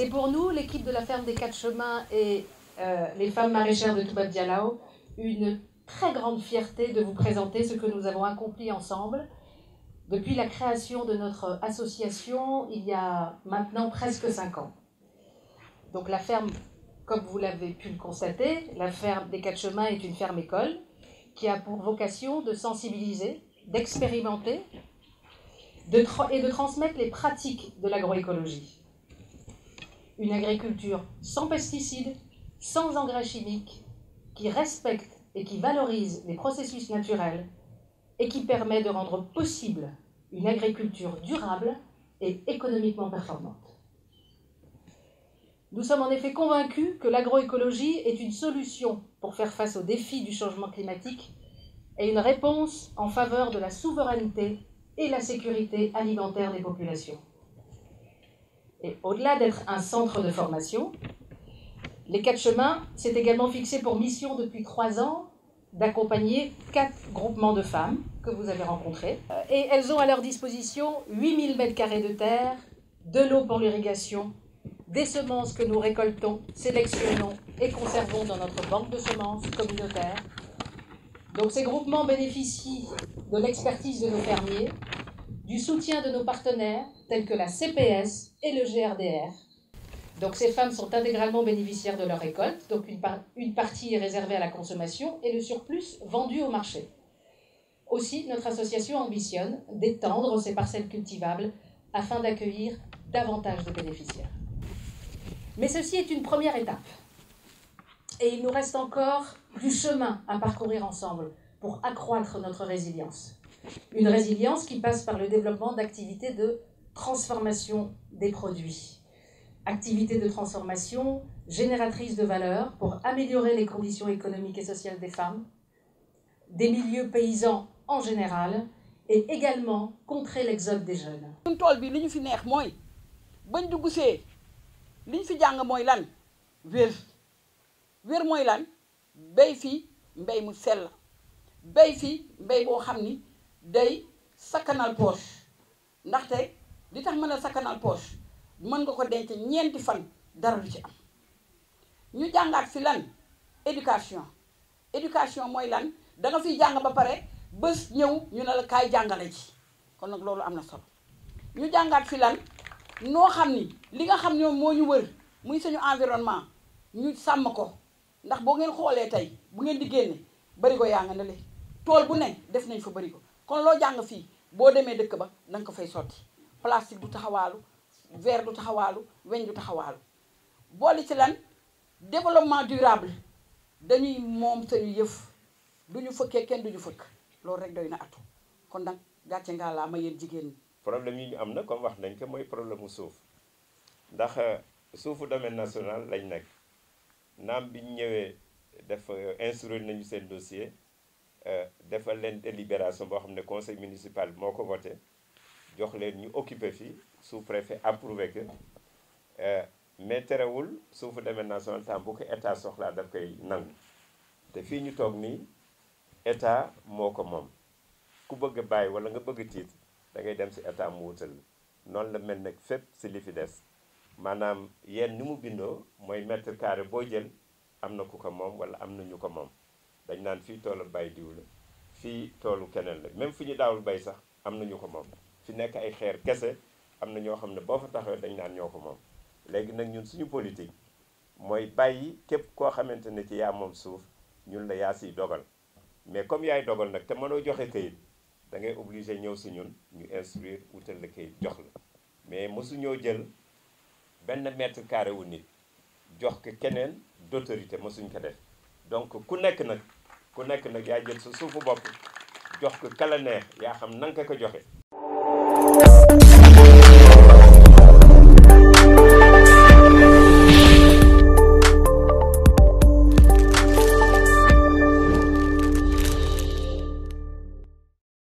C'est pour nous, l'équipe de la ferme des Quatre Chemins et euh, les femmes maraîchères de Touba Dialao, une très grande fierté de vous présenter ce que nous avons accompli ensemble. Depuis la création de notre association, il y a maintenant presque cinq ans. Donc la ferme, comme vous l'avez pu le constater, la ferme des Quatre Chemins est une ferme école qui a pour vocation de sensibiliser, d'expérimenter et de transmettre les pratiques de l'agroécologie. Une agriculture sans pesticides, sans engrais chimiques, qui respecte et qui valorise les processus naturels et qui permet de rendre possible une agriculture durable et économiquement performante. Nous sommes en effet convaincus que l'agroécologie est une solution pour faire face aux défis du changement climatique et une réponse en faveur de la souveraineté et la sécurité alimentaire des populations. Et au-delà d'être un centre de formation, les quatre chemins s'est également fixé pour mission depuis trois ans d'accompagner quatre groupements de femmes que vous avez rencontrés. Euh, et elles ont à leur disposition 8000 mètres carrés de terre, de l'eau pour l'irrigation, des semences que nous récoltons, sélectionnons et conservons dans notre banque de semences communautaire. Donc ces groupements bénéficient de l'expertise de nos fermiers du soutien de nos partenaires tels que la CPS et le GRDR. Donc ces femmes sont intégralement bénéficiaires de leur récolte, donc une, une partie est réservée à la consommation et le surplus vendu au marché. Aussi, notre association ambitionne d'étendre ces parcelles cultivables afin d'accueillir davantage de bénéficiaires. Mais ceci est une première étape. Et il nous reste encore du chemin à parcourir ensemble pour accroître notre résilience. Une résilience qui passe par le développement d'activités de transformation des produits. Activités de transformation génératrices de valeur pour améliorer les conditions économiques et sociales des femmes, des milieux paysans en général, et également contrer l'exode des jeunes. fi day sakkanal poche ndaxte li tax mën a sakkanal poche mën nga ko denc ñeenti fan dara du ci am ñu jàngaat fi lan éducation éducation mooy lan da nga fiy jàng ba pare bés ñëw ñu ne la kaay jàngale ci kon nag loolu am na solo ñu jàngaat fi lan noo xam ni li nga xam ñoom moo ñu wër muy suñu environnement ñu sàmm ko ndax boo ngeen xoolee tey bu ngeen di génne barigo yaa nga ne le tool bu ne def nañ fa barigo kon loo jàng fii boo demee dëkk ba danga ko fay sotti plastique du taxawaalu verre du taxawaalu weñ du taxawaalu boole ci lan développement durable dañuy moom sañu yëf du ñu fëkkee kenn du ñu fëkk loolu rek doy na atu kon nag gàcce ngaa laa ma yéen jigéen problème yi ñu am na ko wax nañ ko mooy problème mu suuf ndax euh, suufu domaine national lañ nekk naam bi ñu ñëwee def euh, instruire nañu seen dossier Euh, defal leen délibération boo xam ne conseil municipal moo ko voté jox leen ñu occupé fii sous préfet approuvé que euh, mais terewul demee d'aménagement temps bu ko état soxlaa daf koy nangu te fii ñu toog nii état moo ko moom ku bëgg bàyyi wala nga bëgg tiit da dem si état mu wutal noonu la mel nag fépp si li fi des maanaam yéen ni mu bindoo mooy mètre carré boo jël am na ku ko moom wala am na ñu ko moom dañ naan fii toolu bay diw la fii toolu keneen la même fi ñu daawul bay sax am na ñu ko moom fi nekk ay xeer kese am na ñoo xam ne boo fa taxawee dañ naan ñoo ko moom léegi nag ñun suñu politique mooy bàyyi képp koo xamante ne ci yaa moom suuf ñun la yaa siy dogal mais comme yaay dogal nag te mënoo joxe këyit da ngay obligé ñëw si ñun ñu instruire wutal la këyit jox la mais mosu ñoo jël benn mètre carré wu nit jox ko keneen d'autorité mosuñ ko def donc ku nekk nag bu nekk nag yaa jël sa suufu bopp jox ko kala neex yaa xam nanga ko joxe